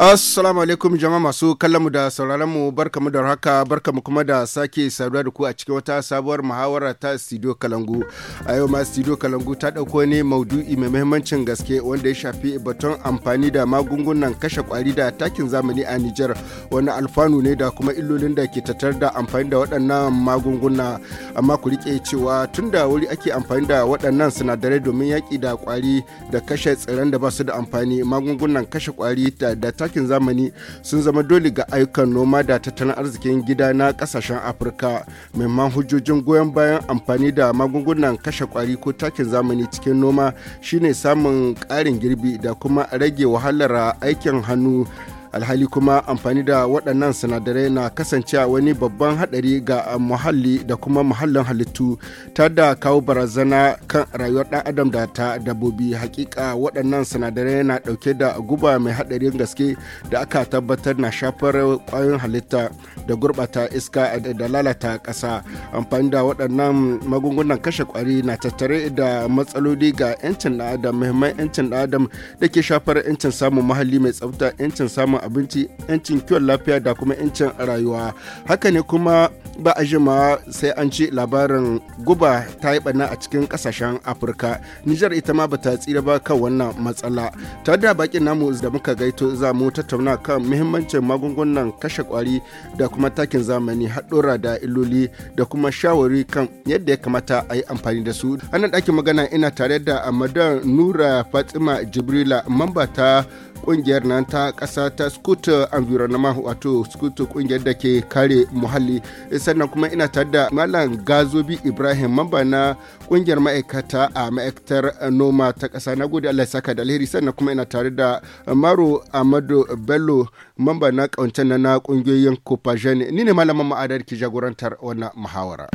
Assalamu alaikum jama'a masu kallon mu da sauraron mu barkamu da haka barkamu kuma da sake saduwa da ku a cikin wata sabuwar muhawara ta Studio Kalangu. A yau ma Studio Kalangu ta dauko ne maudu'i mai muhimmancin gaske wanda ya shafi batun amfani da magungunan kashe kwari da takin zamani a Niger. Wani alfanu ne da kuma illolin da ke tattar da amfani da waɗannan magunguna amma ku rike cewa tun da wuri ake amfani da waɗannan sinadarai domin yaƙi da kwari da kashe tsiran da ba su da amfani magungunan kashe kwari da takin zamani sun zama dole ga ayyukan noma da tattalin arzikin gida na kasashen afirka maimakon hujjojin goyon bayan amfani da magungunan kashe kwari ko takin zamani cikin noma shine samun ƙarin girbi da kuma rage wahalar aikin hannu alhali kuma amfani da waɗannan sinadarai na kasancewa wani babban haɗari ga ah, muhalli da kuma muhallin halittu ta da kawo barazana kan rayuwar ɗan adam da ta dabbobi hakika waɗannan sinadarai na ɗauke da guba mai haɗarin gaske da aka tabbatar na shafar ƙwayoyin halitta da gurɓata iska da lalata ƙasa amfani da waɗannan magungunan kashe ƙwari na tattare da matsaloli ga 'yancin ɗan adam muhimman 'yancin ɗan adam da ke shafar 'yancin samun muhalli mai tsafta 'yancin samun abinci 'yancin kiwon lafiya da kuma 'yancin rayuwa haka ne kuma ba a jima sai an ci labarin guba ta yi bana a cikin kasashen afirka nijar ita ma bata tsira ba kan wannan matsala ta da bakin namu da muka gaito za mu tattauna kan muhimmancin magungunan kashe kwari da kuma takin zamani haɗura da iloli da kuma shawari kan yadda ya kamata a yi amfani da su ana ɗakin magana ina tare da amadan nura fatima jibrila mamba ta kungiyar nan ta kasa ta scoot environment wato scoot kungiyar da ke kare muhalli sannan kuma ina tada malam gazobi ibrahim mamba na kungiyar ma'aikata a ma'aikatar noma ta ƙasa na gode allah saka da alheri sannan kuma ina tare da maro amadu bello mamba na ƙaunce na kungiyoyin copagen ni ne malam mamma adar ki jagorantar wannan muhawara.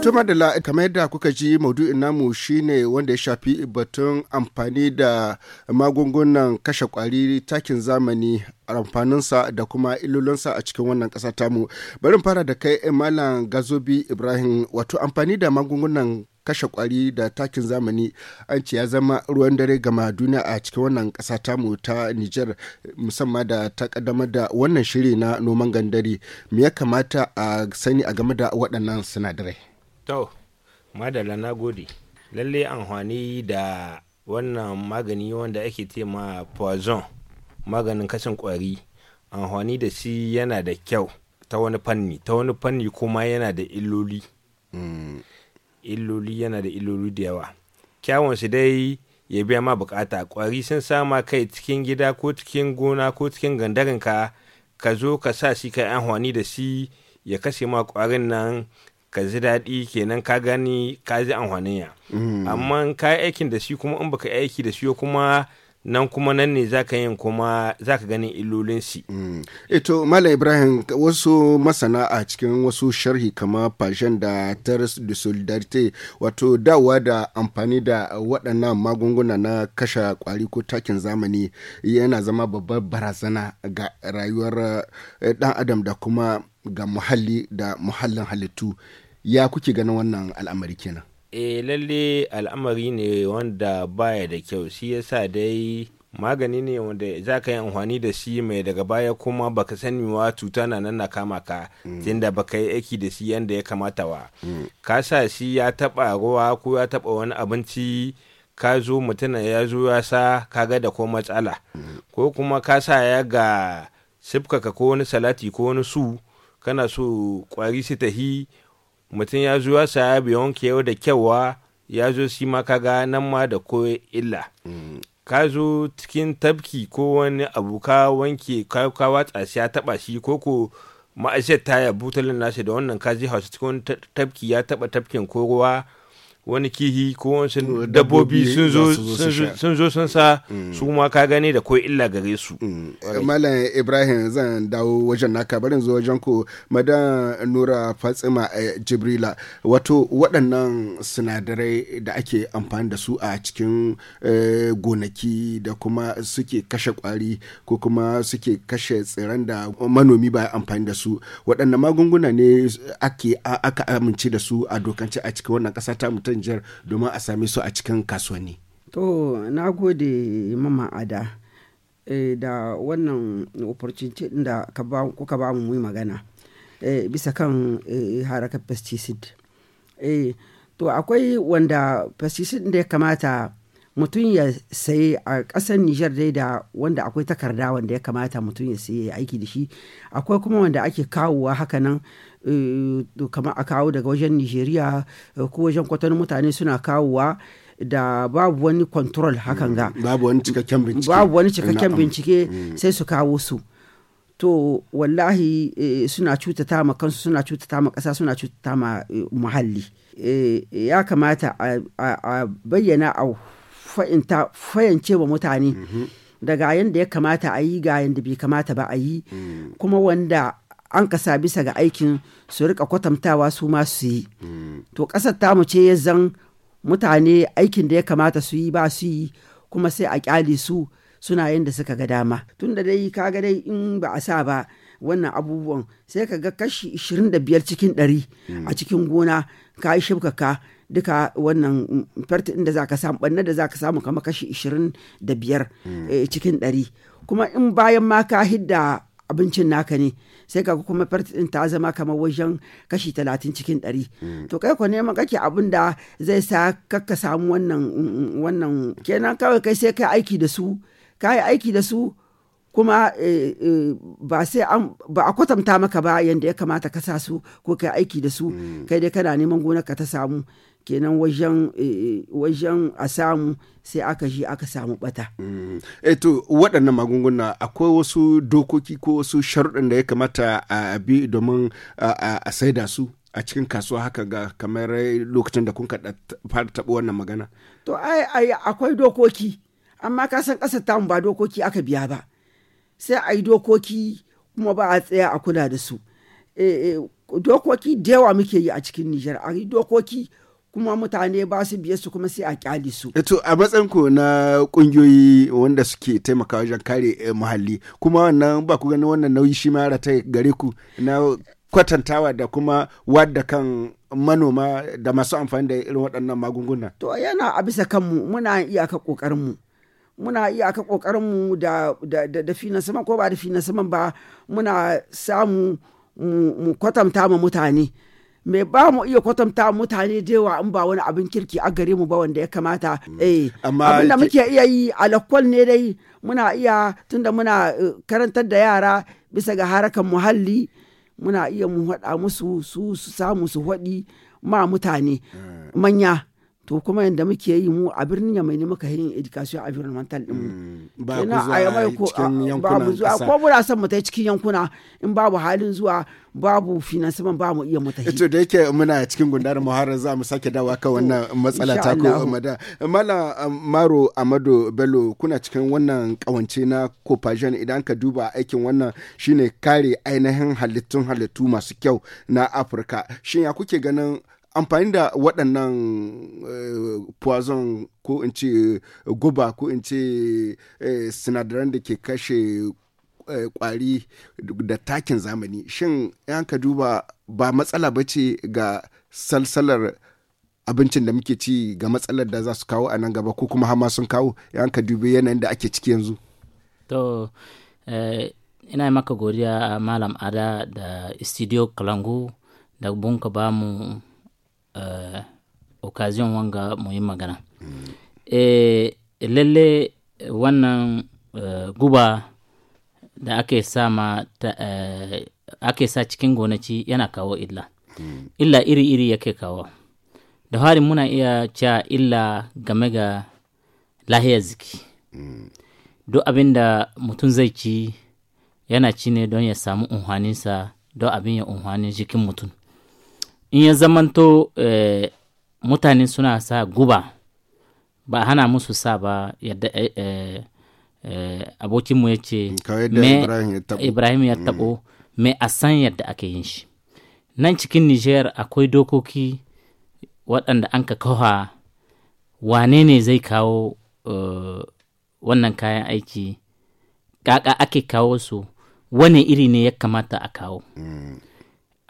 Tuma da kamar yadda kuka ji maudu'in namu shine wanda ya shafi batun amfani da magungunan kashe kwari takin zamani amfaninsa da kuma illolinsa a cikin wannan kasa tamu. Bari fara da kai eh, Malam Gazobi Ibrahim wato amfani da magungunan kashe kwari da takin zamani an ce ya zama ruwan dare gama duniya a cikin wannan kasa tamu ta Nijar musamman da ta kaddamar da wannan shiri na noman gandare me ya kamata a sani a game da waɗannan sinadarai. To, madala na gode. Lallai amfani da wannan magani wanda ake ce ma poison maganin kashin kwari amfani da shi yana da kyau ta wani fanni ta wani fanni kuma yana da illoli mm. illoli yana da illoli da yawa kyawun shi dai ya biya ma bukata kwari sun sama kai cikin gida ko cikin gona ko cikin gandarinka ka zo ka sa shi ka amfani da shi ya kashe ma kwarin nan ka ji daɗi kenan ka gani ka ji amfanin ya mm. amma ka yi aikin da shi kuma in baka yi aiki da shi kuma nan kuma nan ne zaka yin kuma zaka gani illolin shi. Mm. eto eh Ito Malam Ibrahim wasu masana a cikin wasu sharhi kama fashion da Terrace de Solidarite wato dawa da amfani da waɗannan magunguna na kashe kwari ko takin zamani yana zama babbar barazana ga rayuwar eh, ɗan adam da kuma ga muhalli da muhallin halittu ya kuke ganin wannan al'amari kenan e lalle al'amari ne wanda baya da kyau shi yasa dai magani ne wanda za ka yi amfani da shi mai daga baya kuma baka sani wa cuta na nan na kama ka mm. tunda baka yi aiki da shi yadda ya kamata wa mm. ka sa shi ya taba ruwa ko ya taba wani abinci ka zo mutum ya zo ya sa ka ga da ko matsala mm. ko kuma ka sa ya ga sifkaka ko wani salati ko wani su kana so kwari su tahi mutum ya zo ya saya wanke yau da kyawa ya zo shi ma ka ga nan ma da ko illa mm. ka zo cikin tabki ko wani abu ka wanke ka watsa shi ya taba shi ko ko ma'ashiyar ta ya butalin nashi da wannan ka je hausa cikin tabki ya taba tabkin ko ruwa wani kihi ko wani dabbobi sun zo sun sa mm. su ma ka gane da ko illa gare su. Mm, eh, Malam Ibrahim zan dawo wajen naka barin zo wajen ku madan Nura Fatsima eh, Jibrila wato waɗannan sinadarai da ake amfani da su a cikin eh, gonaki da kuma suke kashe kwari ko kuma suke kashe tsiran da manomi ba amfani da su waɗannan magunguna ne ake aka amince da su a dokance a cikin wannan ƙasa ta ta Nijar domin a same su a cikin kasuwanni. To, na gode mama ada e, da wannan opportunity da kuka ba mu magana e, bisa kan e, eh, harakar pesticide. E, to, akwai wanda pesticide da ya kamata mutum ya sayi a ƙasar Nijar dai da wanda akwai takarda wanda ya kamata mutum ya sayi aiki da shi akwai kuma wanda ake kawowa hakanan Eh, kamar a kawo daga wajen nigeria eh, ko wajen kwatanin mutane suna kawowa da babu wani control hakan ga mm, babu wani cikakken bincike babu wani cikakken bincike mm. sai su kawo su to wallahi eh, suna cutata ma kansu suna cutata ma ƙasa suna cutata ma muhalli ya kamata a bayyana a fayance wa mutane da mm-hmm. gayen daga yadda ya kamata a yi ga yadda bai kamata ba a yi mm. kuma wanda an kasa bisa ga aikin su rika kwatantawa su ma su yi to ƙasar tamu ce ya zan mutane aikin da ya kamata su yi ba su yi kuma sai a kyale su suna yin da suka ga dama tun da dai ka ga dai in ba a sa ba wannan abubuwan sai ka ga kashi 25 cikin 100 a cikin gona ka yi shibkaka duka wannan mm, farti da za ka samu ɓanna da za ka samu kama kashi 25 eh, cikin 100 kuma in bayan ma ka hidda abincin naka ne sai ka kuma din ta zama kamar wajen kashi talatin cikin ɗari to kai ko neman kake abin da zai sa kaka samu wannan wannan kenan kawai kai sai kai aiki da su kai aiki da su kuma eh, eh, ba sai an ba a kwatanta maka ba yadda ya kamata ka sa su ko kai aiki da su mm. kai dai kana neman gonar ka ta samu kenan wajen eh, wajen a samu sai aka shi aka samu bata. Mm. Eto eh, waɗannan magunguna akwai wasu dokoki ko wasu sharuɗan da ya kamata a bi domin a saida su a cikin kasuwa haka ga kamar lokacin da kun fara taɓa wannan magana. To ai akwai dokoki amma ka san ƙasar tamu ba dokoki aka biya ba sai a yi dokoki kuma ba a tsaya a kula da su. Eh, dokoki da yawa muke yi a cikin Nijar a yi dokoki kuma mutane ba su biye su kuma sai a kyali su. Eto eh a matsayin ku na kungiyoyi wanda suke taimaka wajen kare eh, muhalli kuma wannan ba ku gani wannan nauyi shi ma ta gare ku na kwatantawa da kuma wadda kan manoma da masu amfani da irin waɗannan magunguna. To yana a bisa kanmu muna iyaka ƙoƙarinmu. Muna iyaka ƙoƙarinmu da, da, da, da fina saman ko ba da fina saman ba muna samu mu kwatanta ma mutane. Mai ba mu iya kwatanta mutane da yawa in ba wani abin kirki a gare mu ba wanda ya kamata mm. eh abin da muke iya yi alakwal ne dai muna iya tunda muna eh, karantar da yara bisa ga harakan muhalli muna iya mu haɗa musu su su samu su haɗi ma mutane mm. manya to kuma yadda muke yi mu a birnin yamai ne muka yin education environmental din mu mm, ba ku zuwa cikin yankunan ko muna son mu tai cikin yankuna in babu halin zuwa babu finansiman ba mu iya mutane. ito da yake muna cikin gundar muharar za mu sake dawa kan wannan matsala ta ko mada mala um, maro amado bello kuna cikin wannan kawance na copagen idan ka duba aikin wannan shine kare ainihin halittun halittu masu kyau na afirka shin ya kuke ganin amfani da waɗannan eh, poison ko in ce eh, guba ko in ce eh, sinadaran da ke kashe kwari da takin zamani shin yan ka duba ba matsala ba ce ga salsalar abincin da muke ci ga matsalar da za su kawo a nan gaba ko kuma hama sun kawo yan ka dubi yanayin da ake ciki yanzu to yi ina maka godiya malam ada da studio kalangu da bunka ba mu uh, occasion wanga muyi magana mm. e, lalle wannan uh, guba da ake sama ta, uh, ake sa cikin gonaci yana kawo illa mm. illa iri-iri yake kawo da harin muna iya cha illa game ga lahiyar ziki mm. duk abin da mutum zai ci yana ci ne don ya samu unhaninsa don abin ya unhanin jikin mutum in ya zamanto eh, mutane suna sa guba ba hana musu sa ba yadda eh, eh, abokinmu ya ce ibrahim ya tabo mai mm. a san yadda ake yin shi nan cikin niger akwai dokoki waɗanda an ka kawo wane ne zai kawo wannan kayan aiki ƙaƙa ake kawo su wane iri ne ya kamata a kawo abinda mm.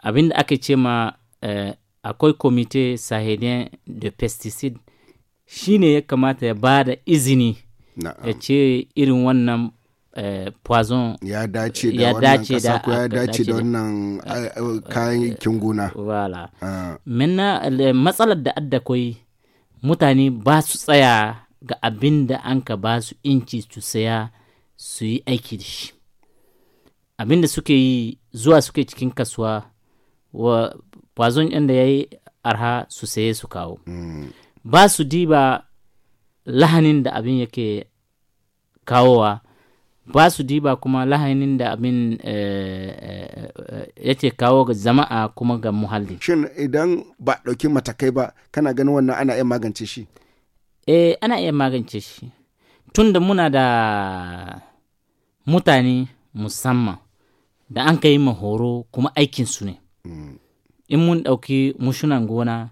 abin aka ce ma eh, akwai komite sahelian da pesticide shi ne ya kamata ya ba da izini ya ce irin wannan eh, poison ya dace da wannan kasa ko ya dace da wannan eh, eh, eh, kayan gona wala ah. menna matsalar da adda koyi mutane ba su tsaya ga abin da an ka ba su inci su saya su yi aiki da shi abin da suke yi zuwa suke cikin kasuwa wa poison ɗin da ya yi arha su saye su kawo mm. ba su diba lahanin da abin yake kawowa ba su diba kuma lahanin da abin eh, eh, yake kawo ga jama'a kuma ga muhalli shin idan ba ɗauki matakai ba kana ganin wannan ana iya magance shi eh ana iya magance shi tunda muna da mutane musamman da an ka yi horo kuma aikinsu ne mm. in mun ɗauki mushunan gona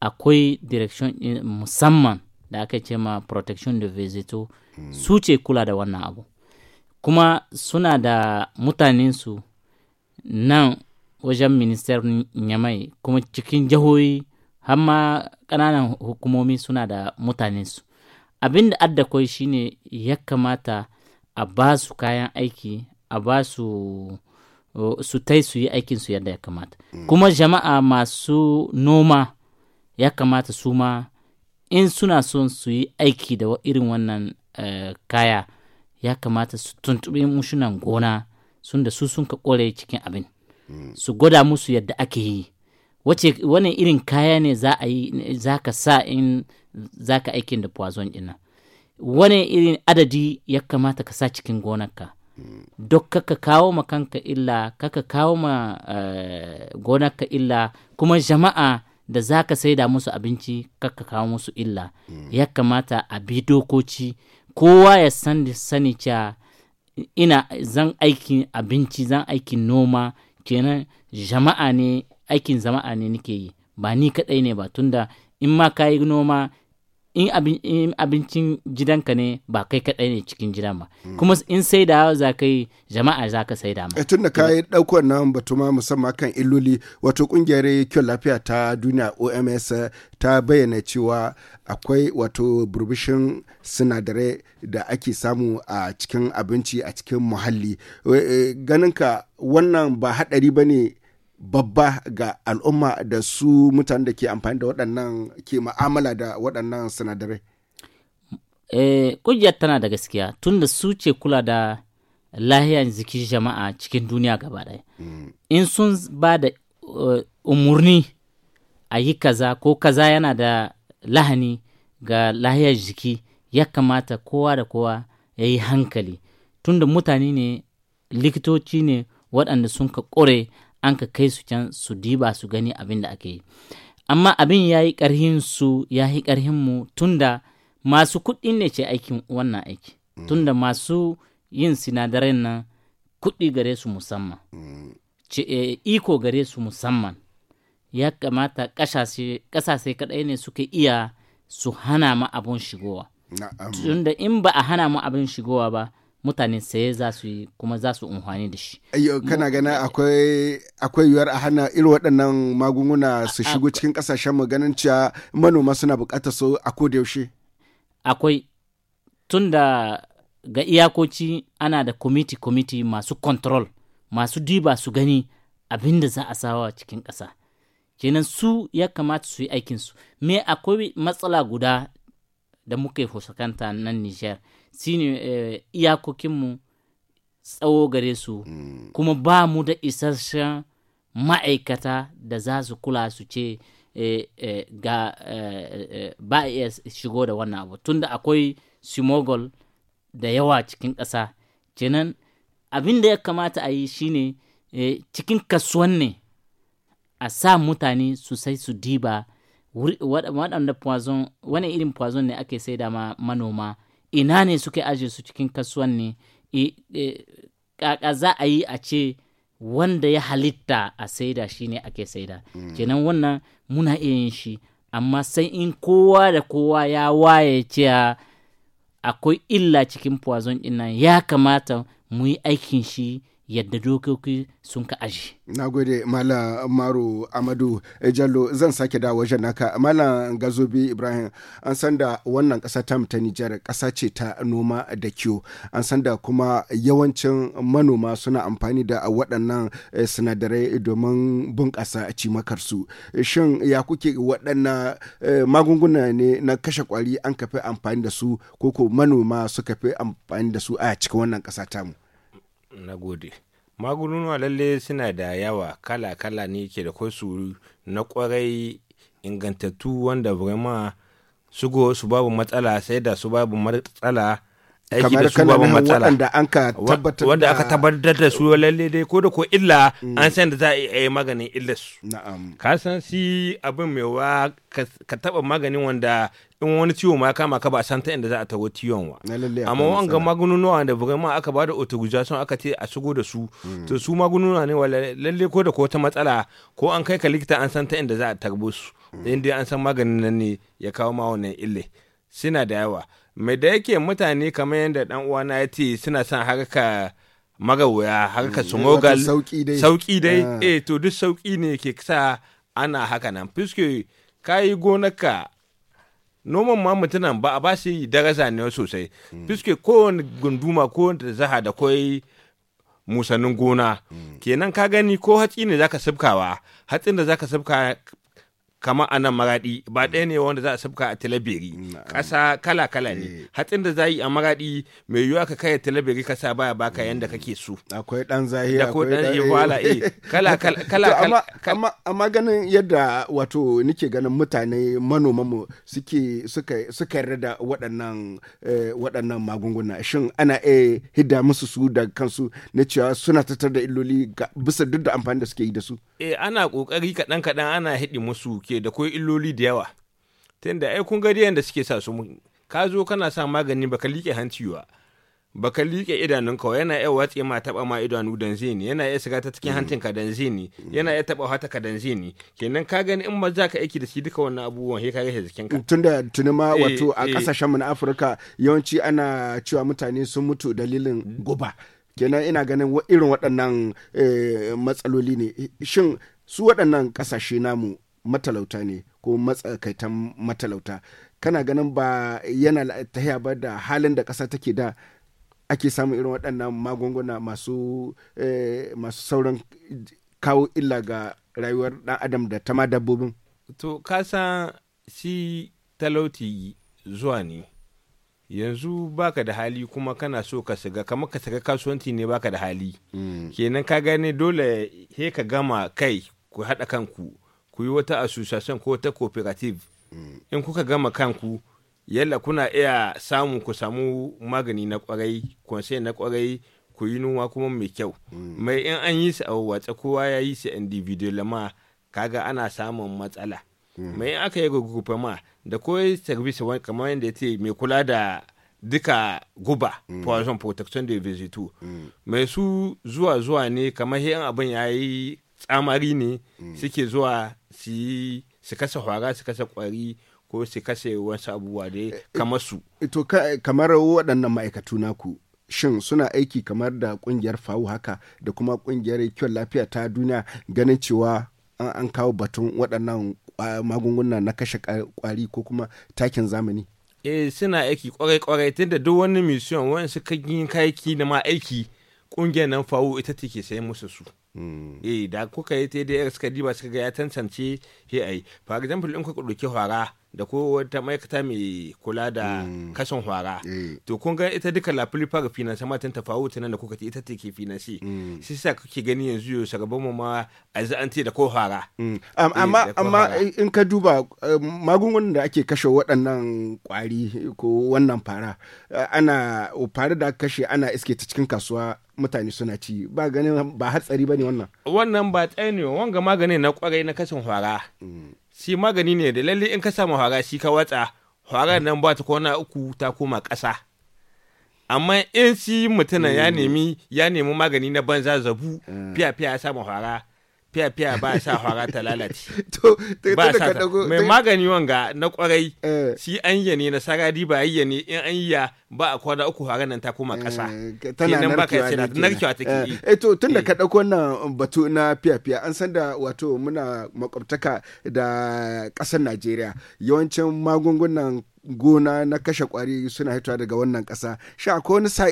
akwai direction musamman da aka ce ma protection de vegeto hmm. su ce kula da wannan abu kuma suna da mutanensu nan wajen minister nyamai kuma cikin jihohi har ma ƙananan hukumomi suna da mutanensu abin da adda kai shine ya kamata a ba su kayan aiki a ba su su tai su yi aikin su yadda ya kamata kuma jama'a masu noma ya kamata su ma in suna son su yi aiki da irin wannan eh, kaya ya kamata su tuntuɓi mushunan gona sun da su sun ka kore cikin abin su gwada musu yadda ake yi wace wani irin kaya ne za a yi za ka sa in za ka aikin da poison ɗin wani irin adadi ya kamata ka sa cikin gonarka duk kaka kawo ma kanka illa kaka kawo ma uh, gonarka illa kuma jama'a da za ka saida musu abinci kaka kawo musu illa mm. ya kamata a bi dokoci kowa ya sani sani cewa ina zan aikin abinci zan aikin noma kenan jama'a ne aikin jama'a ne nike yi ba ni kadai ne ba tunda in ma ka yi noma in abincin gidanka ne ba kai kaɗai ne cikin gidan ba kuma in sai da za ka yi jama'a za ka sai da ma. Eh, tun da ka yi ɗaukar nan batuma musamman kan illoli wato ƙungiyar kyau lafiya ta duniya oms ta bayyana cewa akwai wato burbushin sinadarai da ake samu a cikin abinci a cikin muhalli eh, eh, ganinka wannan ba haɗari ba ne babba ga al'umma da su mutane da ke amfani da waɗannan ke ma'amala da waɗannan sinadarai? Eh, ƙungiyar tana da gaskiya tun da su ce kula da lahiyar jikin jama'a cikin duniya gaba ɗaya. Mm. In sun ba da umarni eh, umurni a yi kaza ko kaza yana da lahani ga lahiyar jiki ya kamata kowa da kowa ya yi hankali tunda mutane ne likitoci ne waɗanda sun ka ƙure an ka kai su can su diba su gani abin da ake yi amma abin ya yi ƙarhin su ya yi ƙarhin mu tunda masu kuɗi ne ce aikin wannan aiki mm. tunda masu yin sinadarai nan kuɗi gare su musamman mm. ce eh, iko gare su musamman ya kamata ƙasashe kaɗai ne suke iya su hana ma abun shigowa tunda in ba a hana mu abin shigowa ba mutane saye za su yi kuma za su umfani da shi. kana gana akwai yiwuwar a hana irin waɗannan magunguna su shigo cikin ƙasashen mu ganin cewa manoma suna buƙatar su a da yaushe. Akwai tun da ga iyakoci ana da komiti komiti masu kontrol masu diba su gani abin da za a sawa cikin ƙasa. Kenan su ya kamata su yi aikinsu. Me akwai matsala guda da muke fuskanta nan Nijar shine eh, iyakokinmu tsawo gare su mm. kuma ba mu da isasshen ma'aikata da za su kula su ce eh, eh, ga ba iya shigo da wannan abu tunda akwai simogol da yawa cikin ƙasa kenan abin da ya kamata a yi shine cikin kasuwan ne a sa mutane su sai su diba waɗanda poison wani irin poison ne ake saida ma manoma ina ne suke ajiye su cikin kasuwan ne e, za a yi a ce wanda ya halitta a saida shi ne ake saida hmm. kenan wannan muna iya yin shi amma sai in kowa da kowa ya waye cewa akwai illa cikin poison ɗin nan ya kamata mu yi aikin shi yadda dokoki sun ka aji. Na gode Malam Maro Amadu Jallo zan sake da wajen naka. Malam Gazobi Ibrahim an san da wannan ƙasa ta ta Nijar ƙasa ce ta noma da kiwo. An san kuma yawancin manoma suna amfani da waɗannan eh, sinadarai domin bunƙasa cimakarsu. Shin ya kuke waɗannan eh, magunguna ne na kashe ƙwari an kafe amfani da su ko ko manoma suka fi amfani da su a cikin wannan ƙasa tamu? na gode magununa lalle suna da yawa kala-kala ne ke da kwasu na kwarai ingantattu wanda vraiment su babu matsala sai da su babu matsala aiki da su babu matsala wanda aka tabbatar wanda aka tabbatar da su lalle dai ko da ko illa mm. an san da za a yi maganin illar su na'am ka san si abin mai wa ka taba maganin wanda in wani ciwo ma kama ka ba san ta inda za a tawo ciwon wa amma wanga magununuwa da bugan ma aka bada autorization aka ce a shigo da su mm. to su magununuwa ne wala lalle ko da ko ta matsala ko an kai ka likita an san ta inda za a tarbo su mm. inda an san maganin nan ne ya kawo ma wannan ille suna da yawa mai da yake mutane kamar yadda ɗan uwana ya ce suna son harka magawaya harka mm, mogal sauki dai ah. eh to duk sauki ne ke sa ana haka nan fiske kayi gonaka noman ma mutunan ba a ba su yi daraja ne sosai mm. fiske kowane gunduma kowane zaha da koi musanin gona mm. kenan ka gani ko hatsi ne zaka sabkawa hatsin da zaka sabka kama a nan maraɗi ba mm. ɗaya ne wanda za a sabka a talabiri ƙasa kala kala ne eh. hatsin da za yi a maraɗi mai yiwuwa ka kai talabiri kasa baya baka mm. yanda kake so akwai ɗan zahiri akwai ɗan wala eh kala kala kala amma ganin yadda wato nike ganin mutane manoman mu suke suka suka rada waɗannan eh, waɗannan magunguna shin ana eh hidda musu su da kansu na cewa suna tattar da illoli bisa duk da amfani da suke yi da su eh ana kokari kaɗan kaɗan ana hidi musu suke da kwai illoli da yawa ta yadda ai kun gari yadda suke sa su ka zo kana sa magani baka liƙe hanci ba baka liƙe idanun wa yana iya watse ma taɓa ma idanu danzini yana iya shiga ta cikin mm. hancin ka danzini yana iya taɓa hata ka kenan ka gani in ma za ka aiki da shi duka wannan abubuwan he ka ga jikin ka tunda tuni ma eh, wato a eh. ƙasashen mu na Afirka yawanci ana cewa mutane sun mutu dalilin mm. guba kenan ina ganin irin waɗannan eh, matsaloli ne shin su waɗannan ƙasashe namu matalauta ne ko matsakaitan matalauta kana ganin ba yana tahiya ba da halin da ƙasa take da ake samun irin waɗannan magunguna masu eh, masu sauran kawo illa ga rayuwar ɗan adam da ta ma dabbobin to kasa si talauti zuwa ne yanzu baka da hali kuma kana so ka shiga kamar ka shiga kasuwanci ne baka da hali mm. kenan ka gane dole he ka gama kai ku haɗa kanku ku yi wata association ko wata cooperative in kuka gama kanku yalla kuna iya samu ku samu magani na kwarai konsai na kwarai ku yi nuwa kuma mai kyau mai in an yi su a watsa kowa ya yi su individual ma kaga ana samun matsala mai in aka yi gugufa ma da kawai service kamar yadda ya ce mai kula da duka guba poison protection de visitu mai su zuwa zuwa ne kamar yan abin ya yi tsamari ne mm. suke zuwa su yi su kasa hwara su kasa kwari ko su kasa wasu abubuwa da eh, eh, kamar su. Ito eh, kamar waɗannan ma'aikatu naku shin suna aiki kamar da ƙungiyar fawu haka da kuma ƙungiyar kyau lafiya ta duniya ganin cewa an kawo batun waɗannan magunguna na kashe kwari ko kuma takin zamani. eh suna aiki kwarai kwarai da duk wani mission wani suka yi kayaki da ma aiki ƙungiyar nan fawo ita take sayan musu su eh da kuka yi da suka diba suka ga ya tantance he ai for example in kuka ɗauki hwara da ko wata ma'aikata mai kula da mm. kashin hwara eh. to kun ga ita duka lafili fara finansa matan tafawuta nan da kuka ce ita ta ke finansi mm. shi sa kuke gani yanzu yau shagaban mu ma azanti da ko hwara mm. eh, amma amma in ka duba eh, magungunan da ake kashe waɗannan kwari ko wannan fara ana fara da kashe ana iske ta cikin kasuwa mutane suna ci ba ganin ba hatsari ba ne wannan wannan ba tsaye ne wanga magani na kwarai na kashin hwara mm. shi magani ne da lalle in ka samu hwara shi ka watsa hwarar nan ba ta kona uku ta koma ƙasa amma in si mutuna ya mm. nemi ya nemi magani na banza zabu mm. fiya fiya ya samu hwara fiya-fiya ba sa fara ta lalace. To, ba sa ta. Mai magani wanga na kwarai, eh. shi an yi ne na sarari ba yi ne in an yi ba a kwana uku fara nan ta koma kasa. Eh, tana narkewa take. Eh, eh to tun da ka ɗauko wannan batu na fiya-fiya an san da wato muna makwabtaka da ƙasar Najeriya yawancin magungunan gona na kashe kwari suna hitowa daga wannan kasa sha akwai wani sa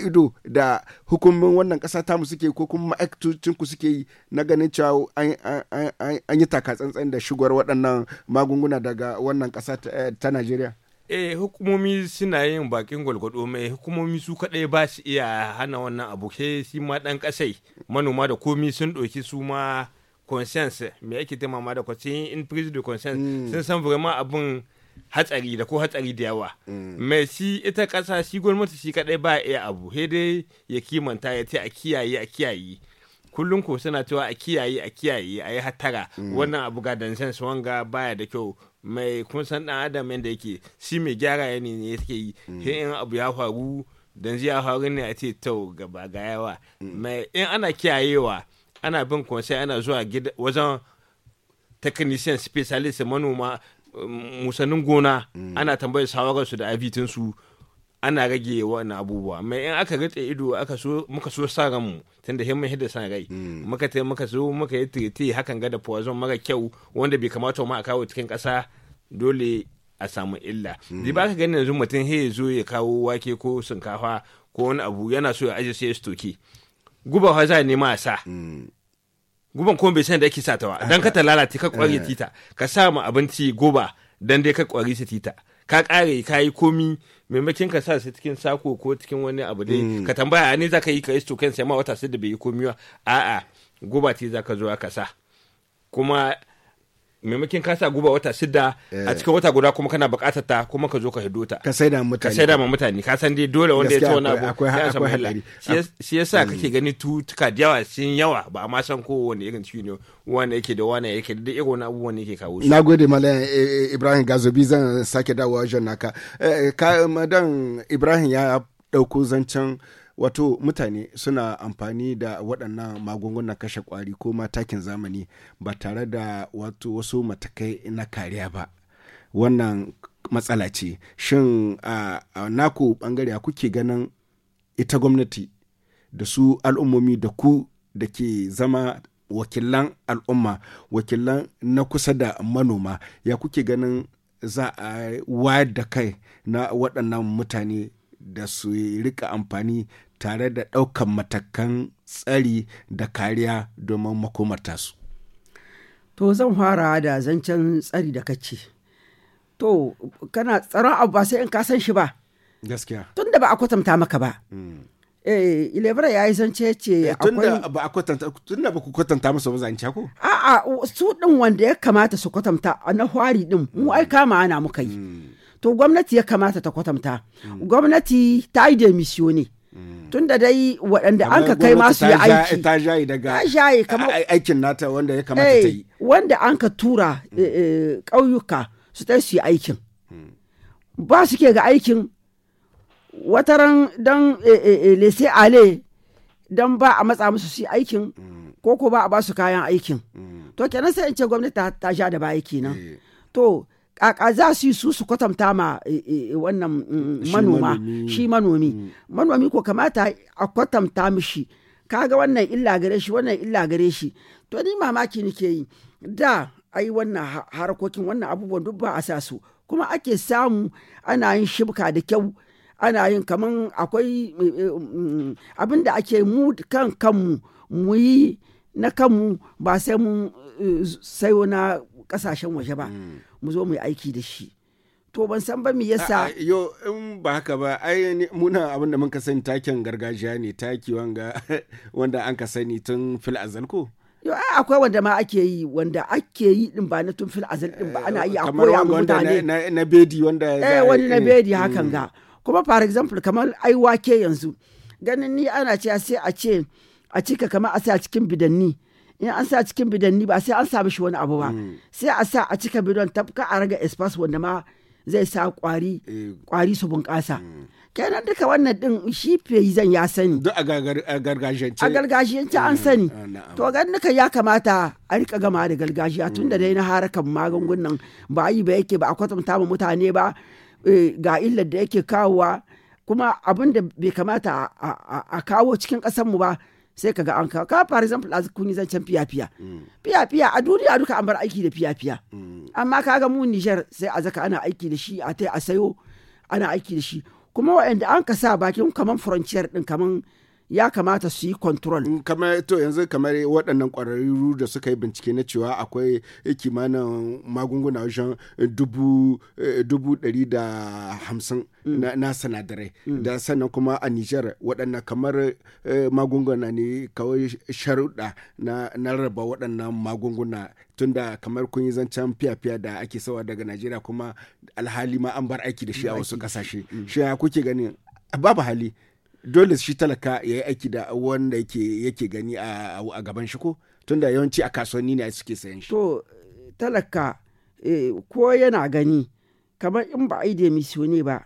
da hukumin wannan kasa ta mu suke ko kuma ma'aikatocin ku suke yi na ganin cewa an yi taka tsantsan da shigar waɗannan magunguna daga wannan kasa eh, ta Najeriya. eh hukumomi suna yin bakin gwalgwado mai hukumomi su kaɗai ba su iya hana wannan abu ke shi ma ɗan ƙasai manoma da komi sun ɗauki su ma conscience me ake taimama da kwacin in prison de conscience mm. sun san vraiment abin hatsari da ko hatsari da yawa mm. mai ita ƙasa shi gwamnati shi kadai ba iya abu he dai ya kimanta ya ce a kiyaye a kiyaye kullum ko suna cewa a kiyaye a kiyaye a yi hattara mm. wannan abu ga dansan wanga baya da kyau mai kun san dan adam yadda yake shi mai gyara ya ne yake yi sai mm. in abu ya faru dan ya faru ne a ce tau gaba ga yawa mai in ana kiyayewa ana bin kwanse ana zuwa wajen technician specialist manoma musannin gona mm. ana tambayar shawararsu da abitinsu ana rage wani abubuwa mai in aka ritse ido aka so muka so sa ranmu tun da himmin hidda san rai mm. muka tai muka so muka yi tirite hakan ga da poison mara kyau wanda bai kamata mu a kawo cikin kasa dole a samu illa mm. di ba ka gani yanzu mutum he zo ya kawo wake ko shinkafa ko wani abu yana so ya aje sai ya stoke gubawa za a nema a sa guban kuma bai san da ake sa ta ba dan ka ta lalace ka kware eh. tita ka sa ma abinci goba dan dai ka kware su tita ka kare ka yi komi maimakin ka sa su cikin sako ko cikin wani abu dai mm. ka tambaya ne zaka yi ka isto kan sai ma wata sai da bai yi komi ba a'a goba ce zaka zo aka sa kuma maimakon ka sa guba wata shida a eh. cikin wata guda kuma kana bukatar ta kuma ka zo ka hido ta ka saida mutane ma mutane ka san dai dole wanda ya ci wani abu ya samu halari shi yasa mm. kake gani tutuka da yawa sun yawa ba a ma san ko wani irin ciwo ne wani yake da wani yake da irin wani abubuwan yake kawo shi nagode malam Ibrahim Gazobi zan sake dawowa wajen naka eh, ka madan Ibrahim ya dauko zancen wato mutane suna amfani da waɗannan magungunan kashe ƙwari ko matakin zamani ba tare da wato wasu matakai na kariya ba wannan matsala ce shin a naku bangare kuke ganin ita gwamnati da su al'ummomi da ku da ke zama wakilan al'umma wakilan na kusa da manoma ya kuke ganin za a wayar da kai na waɗannan mutane da su rika amfani tare da ɗaukan matakan tsari da kariya domin makomarta su. To zan fara da zancen tsari da kace. To kana tsaron abu ba sai in ka san shi ba. Gaskiya. da ba a kwatanta maka ba. Hmm. Eh, ilebra ya yi zance ce eh, akwai... tun ba a kwatanta, ba ku kwatanta masa ba zance ko? A'a, su ɗin wanda ya kamata su kwatanta na hwari ɗin, mu ai hmm. kama ana muka yi. Hmm. To gwamnati ya kamata ta kwatanta. Gwamnati ta yi misiyo ne. tun da dai waɗanda an ka kai masu ya aiki ta jayi daga aikin nata wanda ya kamata ta yi wanda an ka tura hmm. eh, eh, ƙauyuka su ta su yi aikin hmm. ba su ke ga aikin wataran don eh, lese ale don ba a matsa musu su aikin hmm. ko ko ba a ba su kayan aikin to kenan sai in ce gwamnati ta ja da aiki nan to kaka za su yi su su kwatanta ma eh, eh, wannan mm, manoma shi manomi mm. manomi ko kamata a kwatanta mishi kaga wannan illa gare shi wannan illa gare shi to ni mamaki nike yi da ai wannan harkokin wannan abubuwan duk ba a sa su kuma ake samu ana yin shibka da kyau ana yin kaman akwai eh, mm, abinda da ake mu kan kanmu mu yi na kanmu ba sai mun eh, sayo na kasashen waje ba mm. mu zo mu yi aiki da shi to ban san ba me yasa yo in ba haka ba ai muna abin da muka sani takin gargajiya ne taki wanga wanda an ka sani tun fil azal ko yo ai akwai wanda ma ake yi wanda ake yi din ba na tun fil azal din ba ana yi a eh, koya mutane na, na bedi wanda eh wani na bedi mm. hakan ga kuma for example kamar ai wake yanzu ganin ni ana cewa sai a ce a cika kamar a sa cikin bidanni in an sa cikin bidanni ba sai an sa shi wani abu ba mm. sai a sa a cika bidon tafka a raga espas wanda ma zai sa kwari eh. kwari su bunƙasa mm. kenan duka wannan din shi zan ya sani duk a gargajiyance a gargajiyance an sani mm. ah, to gan duka ya kamata a rika gama da gargajiya tun da dai na harakan magungunan ba yi ba yake ba a kwatanta ma mutane ba eh, ga illar da yake kawowa kuma abin da bai kamata a kawo cikin ƙasarmu ba sai kaga an kawo ka for example a kun yi zancen fiya-fiya fiya-fiya a duniya duka an bar aiki da fiya-fiya amma kaga mu Nijar sai a zaka ana aiki da shi a tai a sayo ana aiki da shi kuma waɗanda an ka sa bakin kaman frontier din kaman ya kamata su yi control. Mm, kamar to yanzu kamar waɗannan ƙwararru da suka yi bincike na cewa akwai kimanin magunguna wajen dubu eh, ɗari da hamsin mm. na sanadarai mm. da sannan kuma a Nijar waɗannan kamar eh, magunguna ne kawai sharuɗa na raba waɗannan magunguna tunda kamar kun yi zancen fiya-fiya da ake sawa daga Najeriya kuma alhali ma an bar aiki da shi a wasu kasashe Shi kuke ganin babu hali dole shi talaka ya yi aiki da wanda yake gani a gaban shi ko tunda yawanci a kasuwanni ne suke sayan shi to talaka eh, ko yana gani kamar in ba a yi demisione ba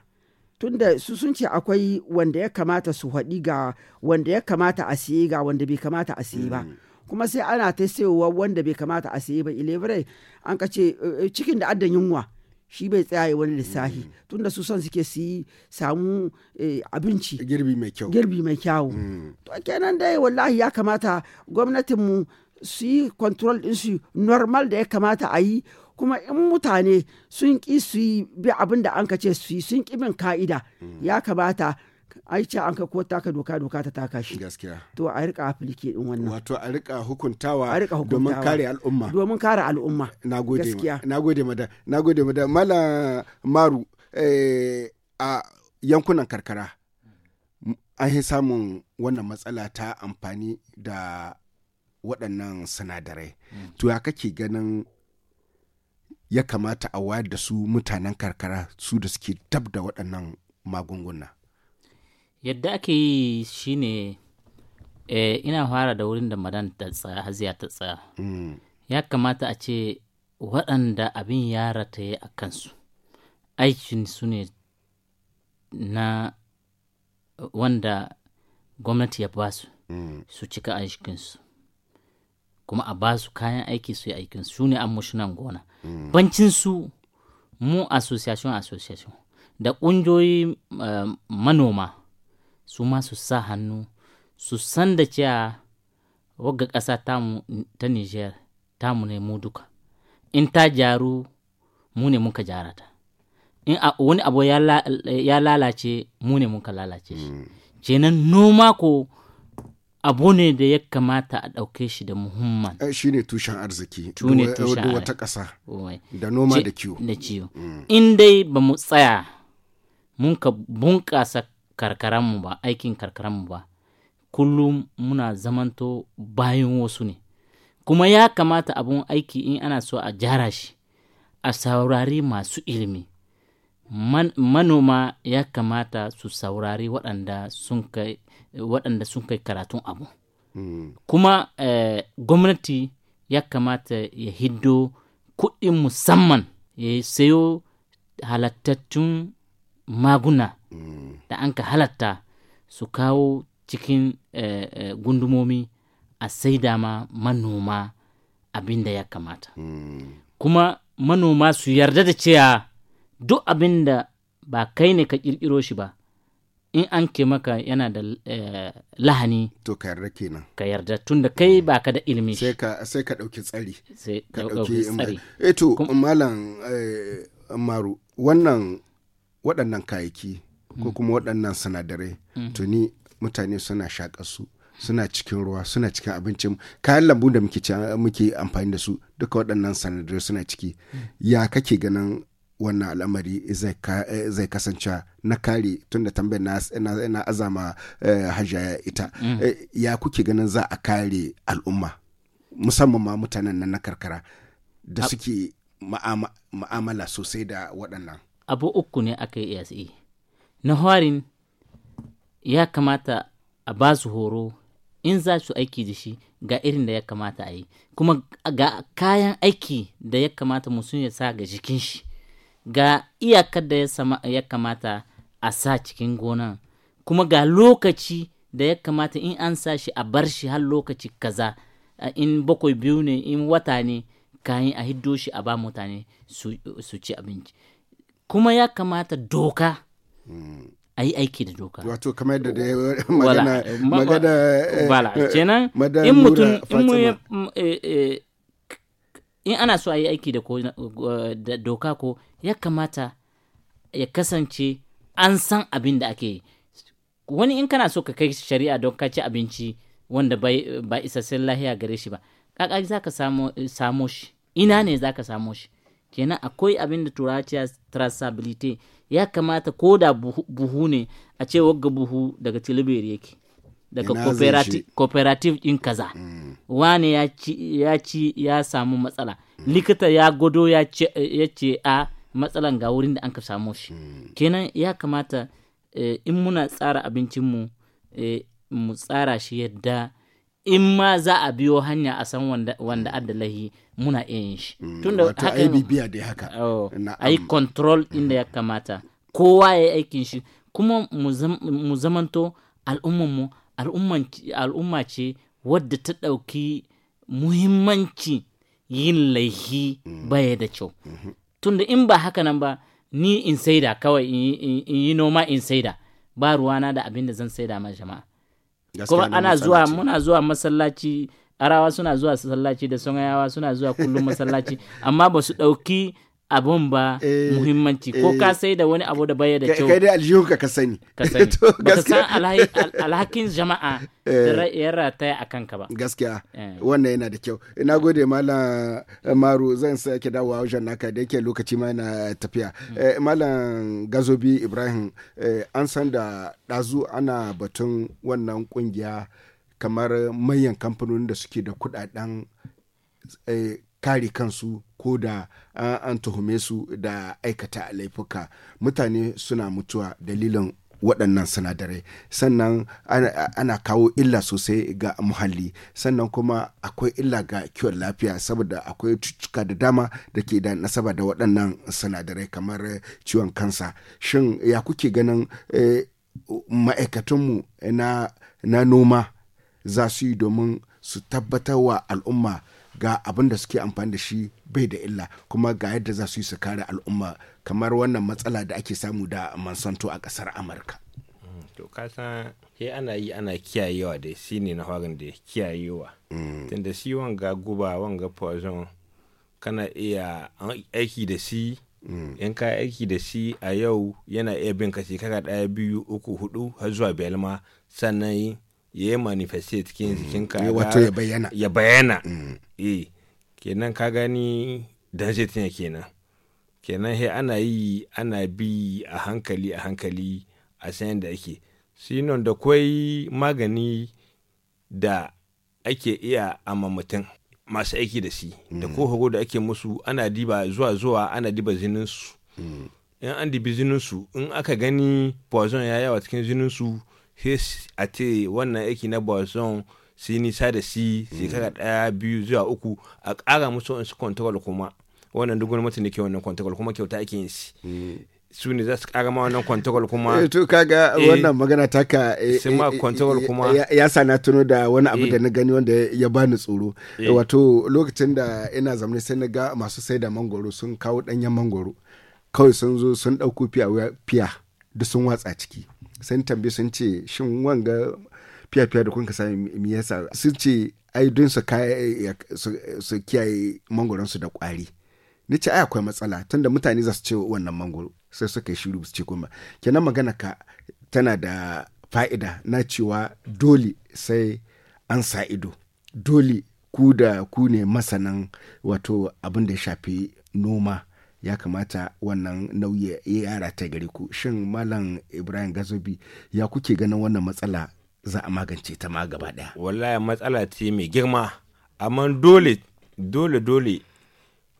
tunda su sun ce akwai wanda ya kamata su haɗi ga wanda ya kamata a siye ga wanda bai kamata a siye ba mm. kuma sai ana ta sayowa wanda bai kamata a siye ba ilebirai an ka ce eh, eh, cikin da addan yunwa shi bai tsaya wani lissafi mm. tunda su son suke su samu eh, abinci girbi mai kyau girbi mai kyau mm. to kenan dai wallahi ya kamata gwamnatinmu su yi control ɗinsu normal da ya kamata a yi kuma in mutane sun ƙi su yi bi abin da an ka ce su yi sun ƙi bin ka'ida mm. ya kamata ai ce an ka ko taka doka doka ta taka shi gaskiya to a rika aplike din wannan wato a rika hukuntawa a rika hukuntawa domin kare al'umma domin kare al'umma nagode gaskiya nagode mada nagode mada mala maru eh, a yankunan karkara an yi samun wannan matsala ta amfani da waɗannan sinadarai mm. to ya kake ganin ya kamata a wayar da su mutanen karkara su da suke dab da waɗannan magunguna yadda ake yi shine eh, ina fara da wurin da madan ta tsaya haziya ta tsaya mm. ya kamata a ce waɗanda abin ya yi a kansu aikin su ne na wanda gwamnati ya ba su mm. su cika aikinsu kuma a ba su kayan aiki su yi aikin su ne an mushinan gona mm. bancin su mu association association da ƙungiyoyi eh, manoma su ma su sa hannu su san da cewa wagga ƙasa ta ta mu ne mu duka in ta jaru mu ne muka jara ta in wani abu ya lalace mu ne muka lalace shi mm. kenan noma ko abu ne da ya kamata a ɗauke shi da muhimman eh, shi ne tushen arziki da wata ƙasa da noma da kiwo mm. in dai ba mu tsaya mun ka bunƙasa karkaranmu ba aikin karkaranmu ba kullum muna zamanto bayan wasu ne kuma ya kamata abun aiki in ana so a jara shi a saurari masu ilimi manoma ya kamata su saurari waɗanda sun kai karatun abu hmm. kuma eh, gwamnati ya kamata ya hiddo kuɗin musamman ya sayo halattattun maguna mm. da an ka halatta su kawo cikin eh, eh, gundumomi a sai dama manoma abin da ya kamata mm. kuma manoma su yarda da cewa duk abin da ba kai ne ka kirkiro shi ba in an ke maka yana da eh, lahani to ka yarda kenan ka yarda tun da kai ba ka da ilimi sai ka sai ka dauki tsari sai ka dauki tsari eh to malam maru wannan waɗannan kayaki ko mm. kuma waɗannan sinadarai mm. tuni mutane suna shakasu su suna cikin ruwa suna cikin abincin kayan lambu da muke amfani da su duka waɗannan sanadarai suna ciki mm. ya kake ganin wannan al'amari zai kasance na kare tun da tambayar na, azama eh, hajjaya ita eh, ya kuke ganin za a kare al'umma musamman ma mutanen nan na karkara da suke ma'amala sosai da waɗannan abu uku ne aka yi ESE. Na harin ya kamata a ba su horo in za su aiki da shi ga irin da ya kamata a yi, kuma ga kayan aiki da ya kamata mutum ya sa ga jikin shi, ga iyakar da ya kamata a sa cikin gonan, kuma ga lokaci da ya kamata in an sa shi a bar shi har lokaci kaza, in bakwai biyu ne, in wata ne, kayan a hiddo shi a ba mutane su ci abinci. kuma ya kamata doka a yi aiki da doka wato kamar da dai magana eh, magana eh, eh, kenan in mutum in ana so a yi aiki da doka ko ya kamata ya kasance an san abin da ake yi wani in kana so ka kai shari'a don ka ci abinci wanda ba isassun lahiya gare shi ba kaka za ka samo shi ina ne za ka samo shi kenan akwai abin da turawa traceability ya kamata ko da buhu ne a ce wagga buhu daga tilibiri yake daga cooperative in kaza wane ya ci ya, samu matsala likita ya godo ya ce a matsalan ga wurin da an ka samu shi kenan ya kamata eh, in muna tsara abincinmu eh, mu tsara shi yadda in ma za a biyo hanya a san wanda, adalahi muna iya yin shi mm, tunda haka yi bibiya dai haka oh, a yi control inda ya kamata kowa ya yi aikin shi kuma mu zamanto al'ummanmu al'umma ce wadda ta ɗauki muhimmanci yin laihi mm. baya da kyau mm-hmm. tunda in ba haka nan ba ni in saida kawai in yi noma in saida ba ruwana da abin da zan saida ma jama'a kuma ana zuwa muna zuwa masallaci arawa suna zuwa masallaci da songayawa suna zuwa kullum masallaci amma ba su ɗauki abun ba eh, muhimmanci ko ka eh, sai da wani abu da bayar da kyau kai dai aljihun ka ka sani ka sani san alhakin jama'a eh. da ra'ayin rataya a kanka ba gaskiya wannan yana da kyau ina gode malam maru zan ke dawowa wajen naka da yake lokaci ma yana tafiya hmm. malam gazobi ibrahim an san da ɗazu ana batun wannan kungiya kamar manyan kamfanonin da suke da kudaden kare kansu ko da an tuhume su da aikata laifuka mutane suna mutuwa dalilin waɗannan sinadarai sannan ana kawo illa sosai ga muhalli sannan kuma akwai illa ga kiwon lafiya saboda akwai cutuka da dama da ke da nasaba da waɗannan sinadarai kamar ciwon kansa shin ya kuke ganin e, ma'aikatanmu na noma za su yi domin su tabbatar wa al'umma ga abin da suke amfani da shi bai da illa kuma ga yadda za su yi su kare al'umma kamar wannan matsala da ake samu da mansanto a ƙasar amurka mm, to kasan sai ana yi ana kiyayewa da shi ne na farin da kiyayewa mm. tunda shi wanga guba wanga poison kana iya aiki da shi mm. in ka aiki da shi a yau yana iya bin ka shekara ɗaya biyu uku hudu har zuwa belma sannan ya yi manifeste cikin mm. jikinka ya bayyana ya bayyana mm. e, kenan ka gani zai ne kenan kenan he ana yi ana bi a hankali a hankali a san yadda ake sinon da kwai magani da ake iya amma mutum masu aiki da shi da mm. ko da ake musu ana diba zuwa zuwa ana diba zininsu in an dibi zininsu in aka gani poison ya yawa cikin zininsu. his a ce wannan aiki na boson su nisa da si shekara mm. ɗaya biyu zuwa uku a kara musu su control kuma wannan dugun mutum ne ke wannan control kuma kyauta ake yin shi mm. su ne za su kara ma wannan control kuma eh, to kaga eh, wannan magana taka eh, sai ma control kuma ya sa na tuno da wani abu da na gani wanda ya bani tsoro wato lokacin da ina zamne sai na ga masu sai da mangoro sun kawo ɗanyen mangoro kawai sun zo sun ɗauko fiya duk sun watsa ciki sun tambi sun ce shin wanga fiya-fiya da kunka sami mi sun ce ai don su kiyaye mangoron su da kwari ni ce ai akwai matsala tunda mutane za su ce wannan mangoro sai suka yi shiru su ce kuma kenan magana ka tana da fa'ida na cewa dole sai an sa ido dole ku da ku ne masanan wato abin da ya shafi noma ya kamata wannan nauyi yara ta gare ku shin malam ibrahim gazobi ya kuke ganin wannan matsala za a magance ta ma gaba daya wallahi matsala ce mai girma amma dole dole dole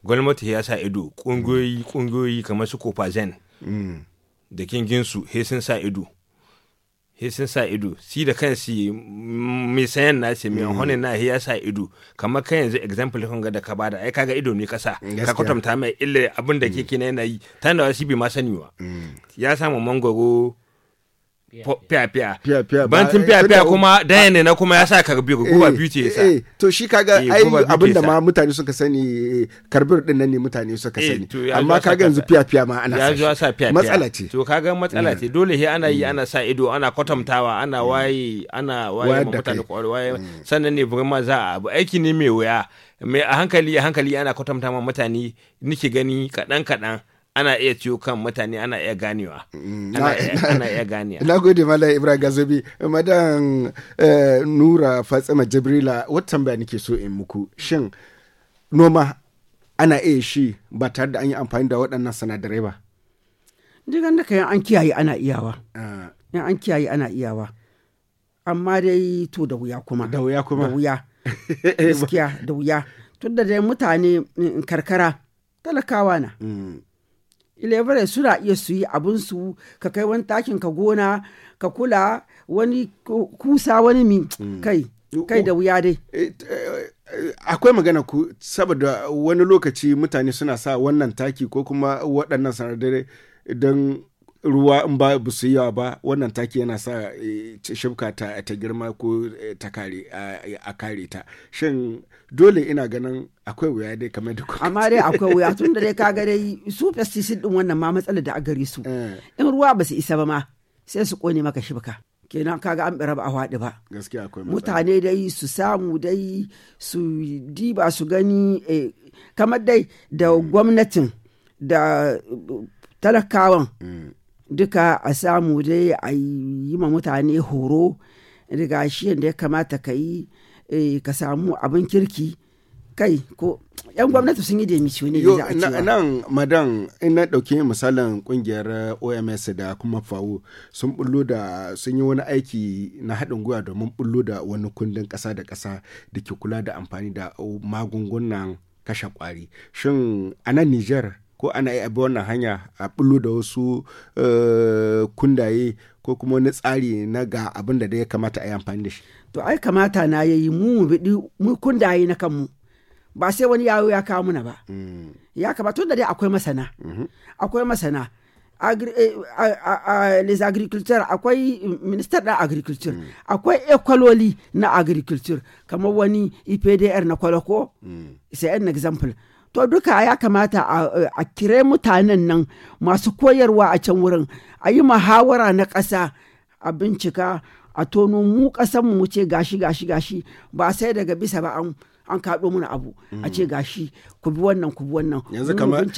gwamnati ya sa ido kungiyoyi kungiyoyi kamar su kofazen mm. da kingin su sun sa ido he sun sa ido si da kan mai sayan na si mai mm. honin na ya sa ido kamar kan yanzu example kun ga da ka bada ai kaga ido ne kasa ka kwatanta mai illa abin da mm. keke na yana yi tana da wasu bi ma sani mm. ya samu mangoro fiya-fiya bantin fiya-fiya kuma daya ne na kuma ya sa karbiru eh, guba biyu ce yasa eh, to shi kaga eh, ai abin da ma mutane suka sani karbiru din nan ne mutane suka sani amma kaga yanzu fiya-fiya ma ana ya sa fiya-fiya matsala ce to kaga matsala mm. ce dole he ana yi mm. ana sa ido ana kwatantawa ana mm. waye ana waye mutane kwarewa sannan ne burma za a abu aiki ne mai wuya mai a hankali a hankali ana kwatanta ma mutane nike gani kaɗan-kaɗan ana iya ciwo kan mutane ana iya ganewa mm, ana iya ganewa na gode malai ibrahim gazobi madan eh, nura fatsima jibrila wata tambaya nake so in muku shin noma ana iya shi ba tare da an yi amfani da waɗannan sanadarai ba jigan da kayan an kiyaye ana iyawa ah. in an kiyaye ana iyawa amma dai to da wuya kuma da wuya kuma da wuya gaskiya da wuya da dai mutane mm, karkara talakawa na mm. ilebare suna iya su yi abinsu ka kai wani takin ka gona ka kula wani kusa wani mi mm. kai kai da wuya dai eh, eh, akwai magana ku saboda wani lokaci mutane suna sa wannan taki ko kuma waɗannan sanadare don ruwa in ba su yawa ba wannan taki yana sa eh, shibka ta girma ko ta kare a kare ta shin dole ina ganin akwai wuya dai kamar da kuka amma dai akwai wuya tun da dai ka ga dai su pesticide din wannan ma matsalar da a gare su eh. in ruwa ba su isa ba ma sai su kone maka shibka kenan kaga an ba a waɗi ba gaskiya akwai mutane dai su samu dai su diba su gani eh, kamar dai da mm. gwamnatin da talakawan mm. duka a samu dai a yi ma mutane horo daga shi da ya kamata ka yi Eh, ka samu abin kirki kai ko yan gwamnati sun yi demisho ne da a nan madan in na ɗauki misalin ƙungiyar eh, oms da kuma fawo sun bullo da sun yi wani aiki na haɗin gwiwa domin bullo da wani kundin ƙasa da ƙasa da ke kula da amfani da oh, magungunan kashe ƙwari shin a nan niger ko ana yi abin wannan hanya a bullo da wasu eh, kundaye ko kuma wani tsari na ga abin da ya kamata a yi amfani da shi to ai kamata na yayi mu mu biɗi mu yi na kanmu ba sai wani yawo ya kawo muna ba mm. ya kama tun da dai akwai masana mm-hmm. akwai masana eh, les agriculture akwai minister d'a agriculture mm. akwai ekwaloli na agriculture kamar wani ipdr na kwalako mm. sai an example to duka ya kamata a kire mutanen nan masu koyarwa a can wurin a yi mahawara na ƙasa a bincika a tono mu kasanmu mu ce gashi gashi gashi ba sai daga bisa ba an an kaɗo mana abu a ce gashi ku bi wannan ku bi wannan yanzu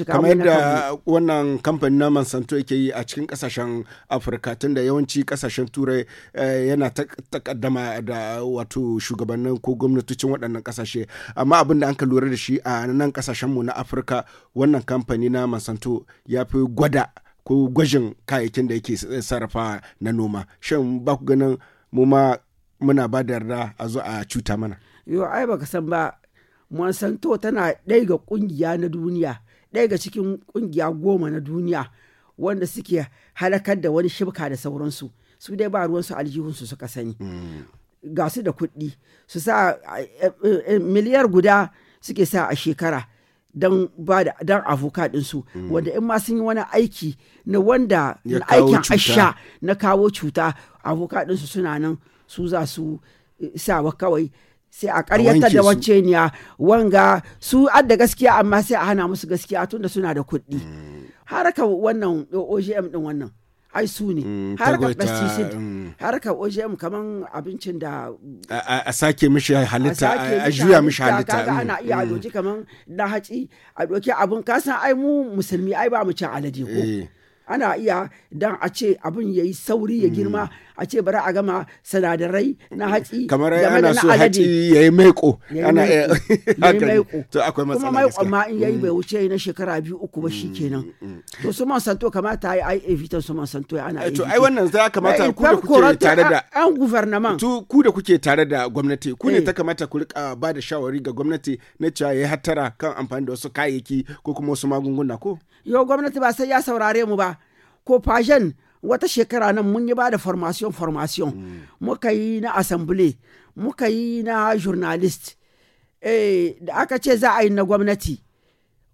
kamar da wannan kamfani na monsanto yake yi a cikin kasashen afirka tunda yawanci kasashen turai eh, yana takaddama da wato shugabannin ko gwamnatocin waɗannan kasashe amma abin da an ka lura da shi a nan kasashen mu na afirka wannan kamfani na monsanto ya fi gwada ko gwajin kayayyakin da yake sarrafa na noma shan ba ku ganin mu ma muna ba da a zo a cuta mana yo ai baka san ba monsanto tana ɗaya ga ƙungiya na duniya ɗaya ga cikin ƙungiya goma na duniya wanda suke halakar da wani shibka da sauransu su dai ba ruwansu aljihunsu suka sani mm. ga su da kuɗi su sa eh, eh, eh, miliyar guda suke sa a shekara don ba da don avoka ɗinsu mm. wanda in ma sun yi wani aiki na wanda na aikin asha na kawo cuta avoka ɗinsu suna nan su za su eh, sawa kawai sai a karyatar da wacce niya wanga su adda gaskiya amma sai a hana musu gaskiya tunda suna da kuɗi mm. haraka wannan OGM ɗin wannan ai su ne mm, harkar pesticide mm. harkar ogm kaman abincin da a sake mishi halitta a juya mishi halitta kaga mm, ana iya doji kaman na haci a doki abun kasan ai mu musulmi ai ba mu cin alade ko eh. ana iya dan a ce abin ya yi sauri ya girma mm. a ce bari a gama sinadarai na hatsi kamar ana so hatsi ya yi maiko ana ya maiko to akwai matsala kuma maiko ma in yayi mm. bai wuce na shekara biyu uku ba mm, shikenan to su santo kamata ai ai evitan su Monsanto ana eh, to ai wannan za kamata eh, ku da kuke tare da an guvernaman to ku da kuke tare da gwamnati ku ne eh. ta kamata ku rika ba da shawari ga gwamnati na cewa ya hattara kan amfani da wasu kayayyaki ko kuma wasu magunguna ko yo gwamnati ba sai ya saurare mu ba Ko kofajen wata shekara nan mun yi ba da formation formation mm. muka yi na assembly muka yi na journalist eh, da aka ce za a yi na gwamnati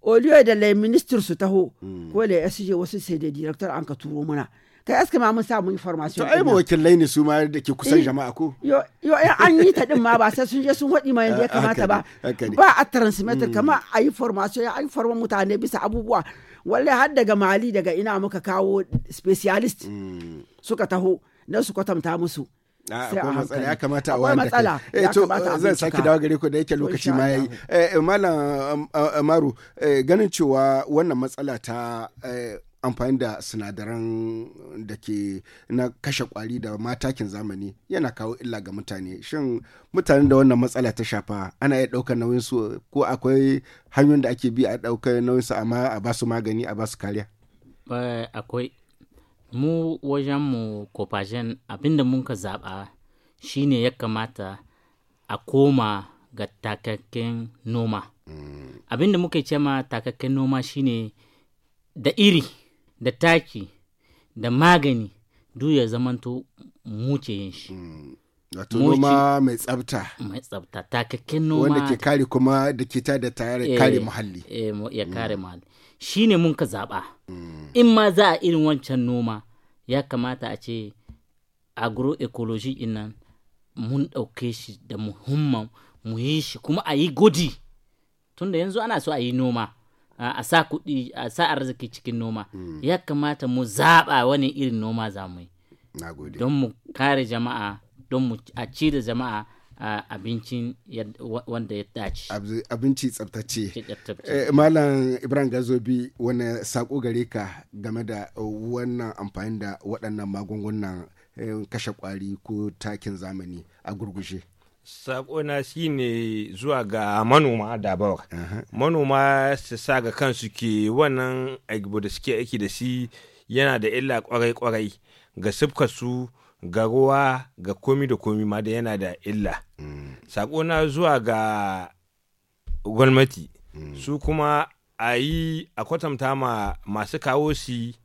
oliyo da lai minister su taho mm. ko da suje wasu sai da director an ka turo muna kai aska ma mun sa mun information to ai wakilai ne su ma da ke kusan eh, jama'a ko yo yo eh, an yi ta din ma ba sai sun je sun hodi ma yanda ya ah, kamata ba ba a transmitter mm. kama a yi formation an forma mutane bisa abubuwa walle har daga mali daga ina muka kawo specialist mm. suka taho don su kwatanta musu ah, akwai matsala ya kamata a wanda matsala eh, ya kamata zan sake dawo gare ku da yake lokaci ma yayi eh, eh, malam maru ganin cewa wannan matsala ta amfani da sinadaran da ke na kashe kwari da matakin zamani yana kawo illa ga mutane shin mutanen da wannan matsala ta shafa ana iya ɗaukar nauyin su ko akwai hanyoyin da ake bi a ɗaukar nauyin su amma a ba su magani a ba su kariya eh, akwai mu wajen mu kofajen abinda mun ka zaba shine ya kamata a koma ga takakken noma mm. abinda muka ce ma takakken noma shine da iri da taki da magani duk ya zamanto muke yin shi mm. wato noma mai tsabta. mai tsabta, takakken noma wanda ke kare kuma da ke da tare eh, kare muhalli eh, ya kare mm. muhalli shi ne mun ka zaba mm. in ma za a irin wancan noma ya kamata a ce agroecology in nan mun ɗauke shi da muhimman mu yi shi kuma a yi gudi tunda yanzu ana so a yi noma a sa kuɗi a sa arziki cikin noma mm. ya kamata mu zaɓa wani irin noma za mu yi don mu kare jama'a don mu a ci da jama'a abincin wanda ya dace abinci tsabtace eh, malam ibrahim gazobi wani sako gare ka game da wannan amfani da waɗannan magungunan eh, kashe kwari ko takin zamani a gurgushe sakona shi ne zuwa ga manoma da bawa manoma su sa ga kansu ke wannan agbo da suke aiki da shi yana da illa kwarai-kwarai ga su ga ruwa ga komi da komi ma da yana da illa mm. sakona zuwa ga gwamnati mm. su kuma a yi a kwatanta ma masu kawo shi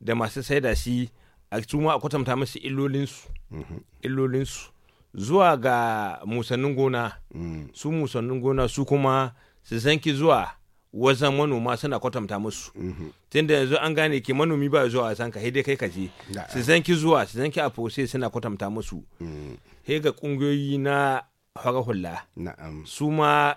da masu saida shi a su ma a kwatanta masu illolinsu mm-hmm. illolinsu zuwa ga musannin gona mm. su musannin gona su kuma su sanki zuwa wajen manoma suna kwatanta musu mm-hmm. tun da yanzu an gane ke manomi ba zuwa wasan ka haidai kai kaje su sanki zuwa su sanki a fose suna kwatanta musu he mm. ga kungiyoyi na fara hula su ma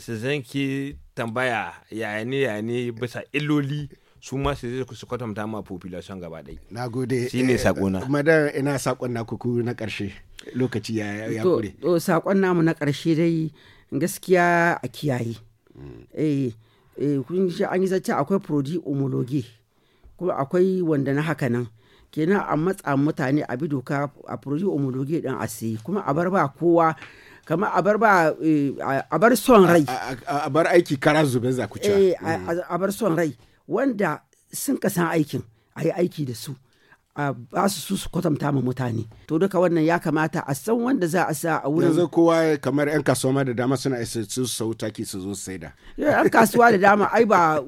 su sanki tambaya yayane yayane bisa illoli su ma su zai su kwatanta ma population gaba ɗai. Na gode. Shi ne eh, saƙona. da ina saƙon na kuku na ƙarshe lokaci ya kure. To saƙon namu na ƙarshe dai gaskiya a kiyaye. Eh, eh kun ji an yi zace akwai prodi homologe kuma akwai wanda na haka nan. kenan a matsa mutane a bi doka a prodi homologe din a siyi kuma a bar ba kowa kama a bar ba eh, a bar son rai a bar aiki kara zube za ku mm. a bar son rai wanda sun kasan aikin a yi aiki da su a ba su su kwatanta ma mutane to duka wannan ya kamata a san wanda za a sa a wurin yanzu kowa kamar yan kasuwa da dama suna isa su sau taki su zo saida eh, yan kasuwa da dama ai ba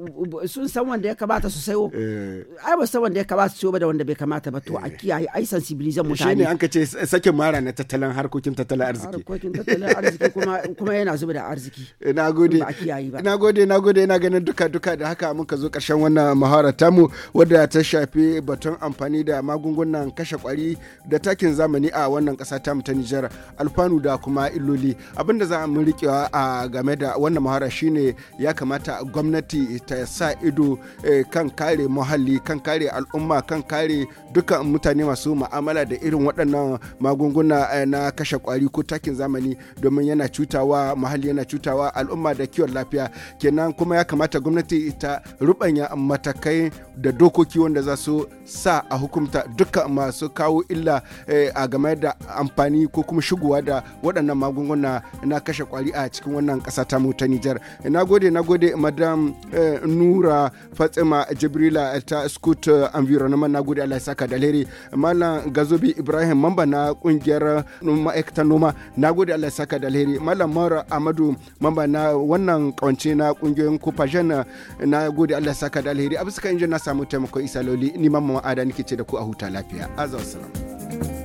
sun san wanda ya kamata su sayo eh. ai ba san wanda ya kamata su ba da wanda bai kamata ba to a eh. kiyaye ai sensibilizan mutane shine an ka ce sakin mara na tattalin harkokin tattalin arziki harkokin tattalin arziki kuma kuma yana zuba da arziki nagode nagode nagode ina ganin duka duka da haka muka zo karshen wannan muhawara tamu wadda ta shafi batun amfani da magungunan kashe kwari da takin zamani a wannan kasa ta ta Nijar alfanu da kuma illoli abin da za mu rikewa a game da wannan muhara shine ya kamata gwamnati ta sa ido eh, kan kare muhalli kan kare al'umma kan kare dukkan mutane masu mu'amala da irin waɗannan magunguna eh, na kashe kwari ko takin zamani domin yana cutawa muhalli yana cutawa al'umma da kiwon lafiya kenan kuma ya kamata gwamnati ta rubanya matakai da dokoki wanda za su sa a hukumar hukunta duka masu kawo illa eh, a game da amfani ko kuma shigowa da waɗannan magunguna na kashe kwari a cikin wannan ƙasa ta mutu ta Nijar. Na gode na gode madam eh, Nura Fatima Jibrila ta Scoot eh, Environment na gode Allah ya saka da lere. Malam Gazobi Ibrahim mamba na kungiyar ma'aikatan noma na gode Allah ya saka da lere. Malam Mara Amadu mamba na wannan kawance na kungiyoyin Kofajen na gode Allah ya saka da lere. Abu suka kan na samu taimako Isa Loli ni mamma ma'ada nake ce da ku a huta lafiya. Azawassalam.